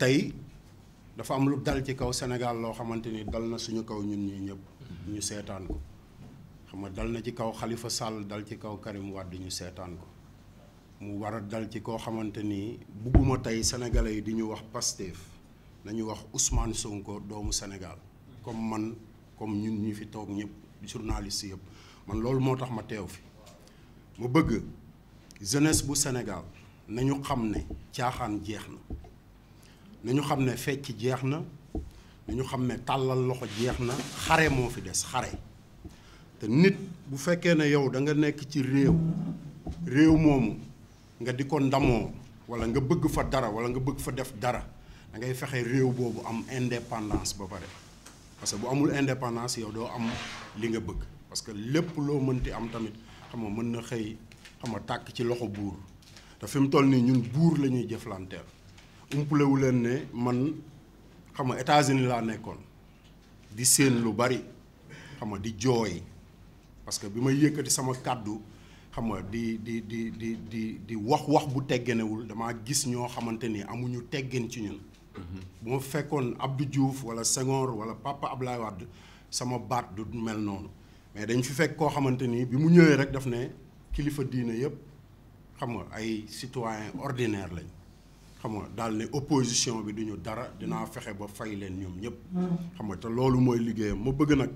tey dafa am lu dal ci kaw Sénégal loo xamante ni dal na suñu kaw ñun ñii ñëpp ñu seetaan ko xam nga dal na ci kaw xalifa Sall dal ci kaw Karim Wade ñu seetaan ko mu war a dal ci koo xamante ni bugguma tey sénégalais yi di ñu wax Pastef nañu wax usmaan Sonko doomu Sénégal comme man comme ñun ñi fi toog ñëpp journaliste yëpp man loolu moo tax ma teew fi mu bëgg jeunesse bu Sénégal nañu xam ne caaxaan jeex na nañu xam ne fecc jeex na ñu xam ne tàllal loxo jeex na xare moo fi des xare te nit bu fekkee ne yow da nga nekk ci réew réew moomu nga di ko ndamoo wala nga bëgg fa dara wala nga bëgg fa def dara da ngay fexe réew boobu am indépendance ba pare parce que bu amul indépendance yow doo am li nga bëgg parce que lépp loo mënti am tamit xam nga mën na xëy xam nga tàkk ci loxo buur te fi toll nii ñun buur la ñuy jëflanteel umpalewu leen ne man xam nga États-Unis laa nekkoon di séen lu bari xam nga di jooy parce que bi may yëkkati sama kàddu xam nga di di di di di di wax wax bu teggenewul damaa gis ñoo xamante ni amuñu teggen ci ñun. bu ma fekkoon Abdou Diouf wala Senghor wala ab Abdoulaye wàdd sama baat du mel noonu mais dañ fi fekk koo xamante ni bi mu ñëwee rek daf ne kilifa diine yëpp xam nga ay citoyen ordinaire lañ. xam nga daal ne opposition bi du ñu dara dinaa mm. fexe ba fay leen ñoom ñëpp. Mm. xam nga te loolu mooy liggéeyam ma bëgg nag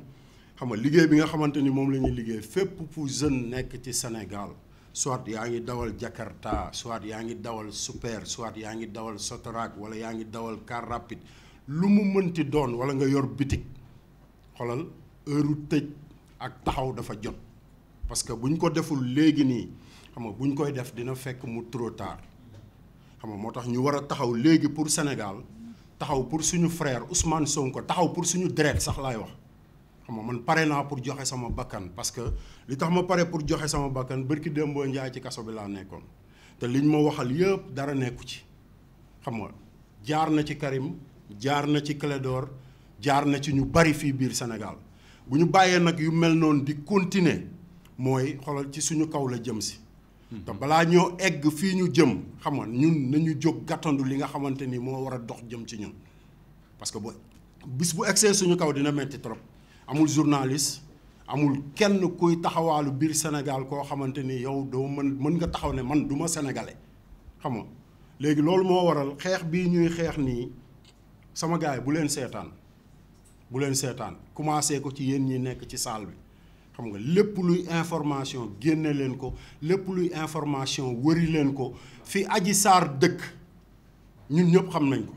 xam nga liggéey bi nga xamante ni moom la ñuy liggéey fépp fu jeune nekk ci Sénégal soit yaa ngi dawal Jakarta soit yaa ngi dawal Super soit yaa ngi dawal Sotrac wala yaa ngi dawal car rapide lu mu mënti doon wala nga yor bitik xolal heure tëj ak taxaw dafa jot parce que bu ko deful léegi nii xam nga bu koy def dina fekk mu trop xam moo tax ñu war a taxaw léegi pour Sénégal taxaw pour suñu frère Ousmane Sonko taxaw pour suñu deret sax laay wax xam nga man pare naa pour joxe sama bakkan parce que li tax ma pare pour joxe sama bakkan bërki démboo njaay ci kaso bi laa nekkoon te liñ ma waxal yëpp dara nekku ci xam nga jaar na ci Karim jaar na ci Clédor jaar na ci ñu bari fii biir Sénégal bu ñu bàyyee nag yu mel noonu di continuer mooy xoolal ci suñu kaw la jëm si te balaa ñoo egg fii ñu jëm xam nga ñun nañu jóg gàttandu li nga xamante ni moo war a dox jëm ci ñun. parce que bu bis bu egsee suñu kaw dina metti trop amul journaliste amul kenn kuy taxawaalu biir Sénégal koo xamante ni yow doo mën mën nga taxaw ne man duma ma sénégalais xam nga léegi loolu moo waral xeex bii ñuy xeex nii sama gars yi bu leen seetaan bu leen seetaan commencé ko ci yéen ñi nekk ci salle bi. xam nga lépp luy information génne leen ko lépp luy information wëri leen ko fi aji Sarr dëkk ñun ñëpp xam nañ ko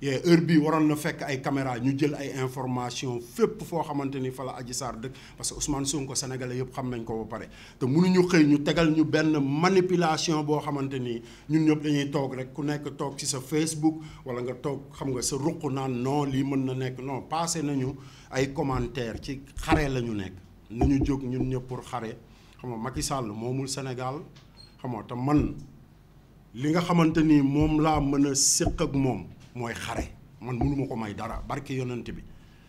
yee heure bii waroon na fekk ay caméra ñu jël ay information fépp foo xamante ni fa la Adji Sarr dëkk parce que Ousmane Sonko sénégalais yëpp xam nañ ko ba pare te mënuñu xëy ñu tegal ñu benn manipulation boo xamante ni ñun ñëpp dañuy toog rek ku nekk toog ci sa Facebook wala nga toog xam nga sa ruq naan non lii mën na nekk non passé nañu ay commentaire ci xare la ñu nekk nañu jóg ñun ñëpp pour xare xam nga Macky Sall moomul Sénégal xam nga te man li nga xamante ni moom laa mën a séq ak moom mooy xare man mënuma ko may dara barke yonent bi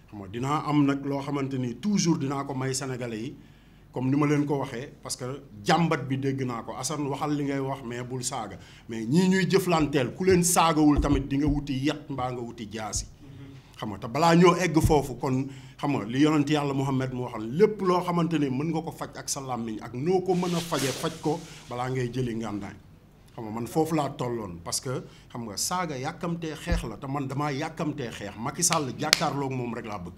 xam dinaa am nag loo xamante ni toujours dinaa ko may sénégalais yi comme ni ma leen ko waxee parce que jàmbat bi dégg naa ko Assane waxal li ngay wax mais bul saaga mais ñii ñuy jëflanteel ku leen saagawul tamit di nga wuti yat mbaa nga wuti jaasi xam nga te balaa ñoo egg foofu kon xam nga li yonent yàlla Muhammad mu waxal lépp loo xamante ni mën nga ko faj ak sa làmmiñ ak noo ko mën a fajee faj ko balaa ngay jëli ngàndaañ xam nga man foofu laa tolloon parce que xam nga saaga yàkkamtee xeex la te man damaa yàkkamtee xeex Macky sàll jàkkaarlook moom rek laa bëgg.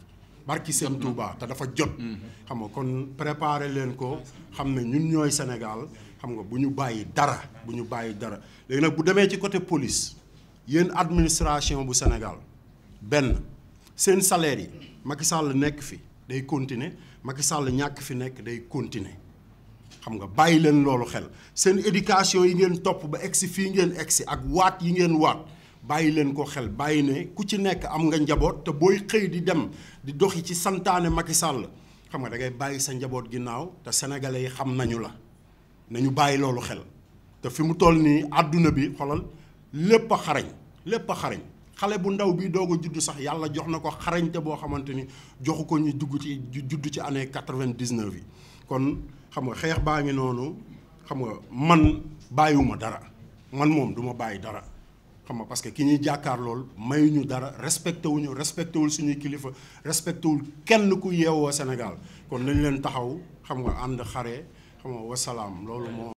barki seen Touba te dafa jot. Mm-hmm. xam nga kon préparer leen ko xam ne ñun ñooy Sénégal xam nga bu ñu bàyyi dara bu ñu bàyyi dara léegi nag bu demee ci côté police yéen administration bu Sénégal seen saleer yi Macky Sall nekk fi day continuer Macky Sall ñàkk fi nekk day continuer xam nga bàyyi leen loolu xel seen éducation yi ngeen topp ba egsi fii ngeen egsi ak waat yi ngeen waat bàyyi leen ko xel bàyyi ne ku ci nekk am nga njaboot te booy xëy di dem di doxi ci santaane Macky Sall xam nga da bàyyi sa njaboot ginnaaw te sénégalais yi xam nañu la nañu bàyyi loolu xel te fi mu toll nii àdduna bi xolal lépp a xarañ lépp a xarañ xale bu ndaw bii doo ko judd sax yàlla jox na ko xarañte boo xamante ni joxu ko ñu dugg ci juddu ci année quatre-vingt-dix-neuf yi kon xam nga xeex baa ngi noonu xam nga man ma dara man moom duma bàyyi dara xam nga parce que ki ñuy jàkkaar lool mayuñu dara respecté wuñu respecté wul suñuy kilifa respecté wul kenn ku yeewoo Sénégal kon nañ leen taxaw xam nga ànd xare xam nga wasalaam loolu moo